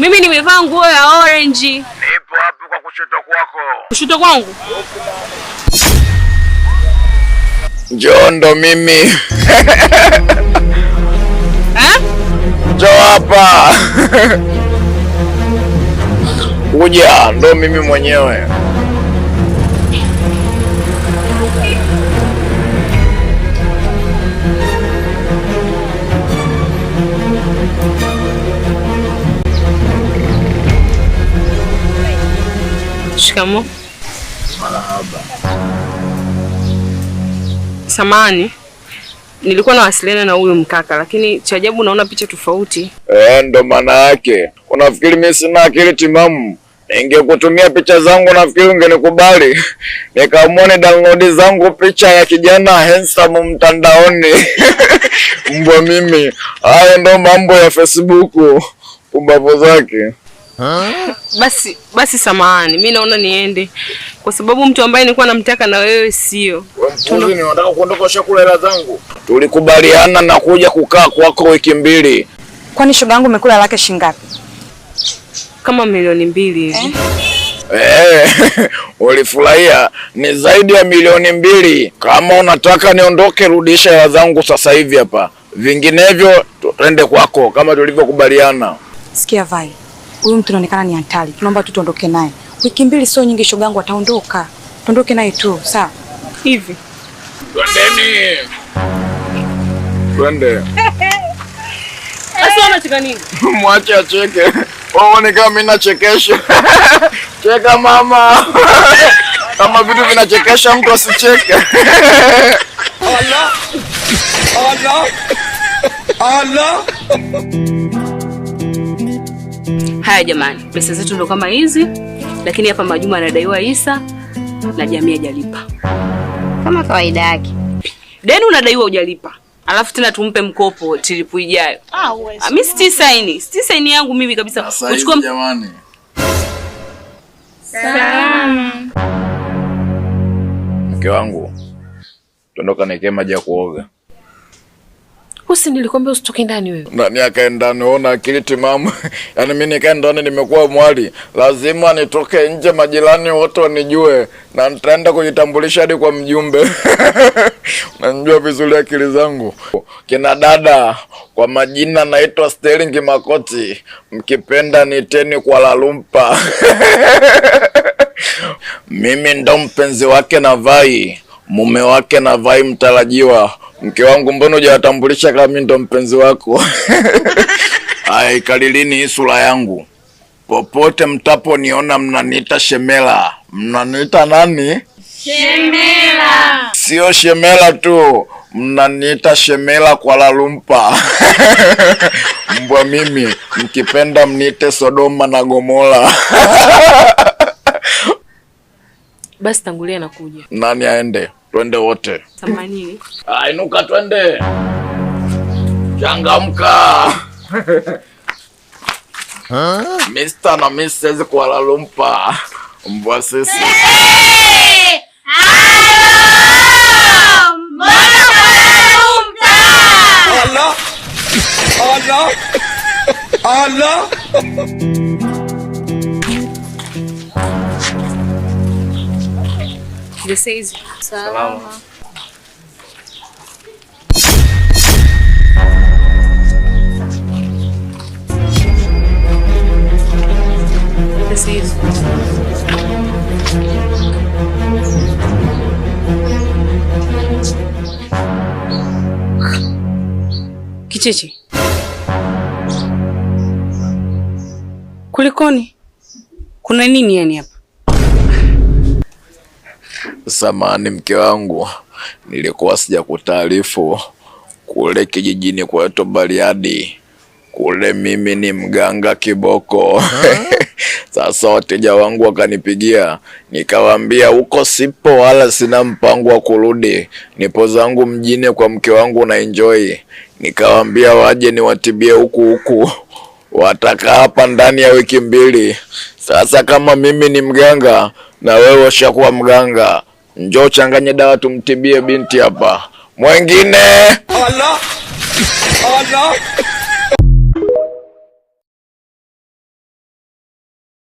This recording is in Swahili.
Mimi nimevaa nguo ya orange. Nipo hapo kwa kushoto kwako. Kushoto kwangu? Njondo mimi. Eh? Njoo hapa. Kuja, ndo mimi mwenyewe. Shikamo. Marahaba. Samani, nilikuwa nawasiliana na huyu mkaka, lakini cha ajabu naona picha tofauti. Eh, ndo maana yake. Unafikiri mimi sina akili timamu? Ningekutumia picha zangu nafikiri ungenikubali. Nikaamua ni download zangu picha ya kijana handsome mtandaoni. Mbwa mimi. Haya ndo mambo ya Facebook. Umbavu zake. Basi basi, samahani, mi naona niende, kwa sababu mtu ambaye nilikuwa namtaka na wewe sio. Unataka kuondoka, shakula hela zangu. Tulikubaliana na kuja kukaa kwako wiki mbili. Kwani shoga yangu umekula lake shingapi? Kama milioni mbili hivi eh? eh ulifurahia? Ni zaidi ya milioni mbili. Kama unataka niondoke, rudisha hela zangu sasa hivi hapa, vinginevyo tuende kwako kama tulivyokubaliana. Sikia Vai, huyu mtu anaonekana ni hatari, tunaomba tu tuondoke naye. Wiki mbili sio nyingi, shogangu ataondoka, tuondoke naye tu, sawa? Hivi twendeni, twende. Mwache acheke, waone kama mimi nachekesha. Cheka mama, kama vitu vinachekesha mtu asicheke. Allah Allah Allah Haya jamani, pesa zetu ndo kama hizi, lakini hapa Majuma anadaiwa Isa na jamii hajalipa kama kawaida yake. Deni unadaiwa hujalipa, alafu tena tumpe mkopo tiripu ijayo. Ah, mimi sti saini, sti saini yangu mimi kabisa. Uchukua jamani. Salamu Mke wangu, tondoka, nikee maji ya kuoga. Usi nilikwambia usitoke ndani wewe. Ndani akae ndani ona akili timamu. Yaani mimi nikae ndani nimekuwa mwali. Lazima nitoke nje majirani wote wanijue na nitaenda kujitambulisha hadi kwa mjumbe. Unanijua vizuri akili zangu. Kina dada kwa majina naitwa Sterling Makoti. Mkipenda niteni kwa lalumpa. Mimi ndo mpenzi wake na vai, mume wake na vai mtarajiwa. Mke wangu, mbona hujawatambulisha kama mimi ndo mpenzi wako? Aikalilini hii sura yangu, popote mtaponiona mnaniita shemela. Mnaniita nani? Shemela. Sio shemela tu, mnaniita shemela kwa lalumpa. Mbwa mimi, mkipenda mniite Sodoma na Gomora. Basi tangulia nakuja. Nani aende? twende wote. Samani. Ainuka inuka twende, changamka Mr. na Mrs. Kuala Lumpur mbwa sisi hey! Allah Allah Allah Jesse hizi. Salama. Jesse Kulikoni? Kuna nini yani hapa? Samahani mke wangu, nilikuwa sija kutaarifu kule kijijini kwetu Bariadi kule mimi ni mganga kiboko. Ah. Sasa wateja wangu wakanipigia, nikawaambia huko sipo, wala sina mpango wa kurudi, nipo zangu mjini kwa mke wangu na enjoy. Nikawaambia waje niwatibie huku huku, watakaa hapa ndani ya wiki mbili. Sasa kama mimi ni mganga na wewe ushakuwa mganga Njoo changanye dawa tumtibie binti hapa. Mwengine Allah Allah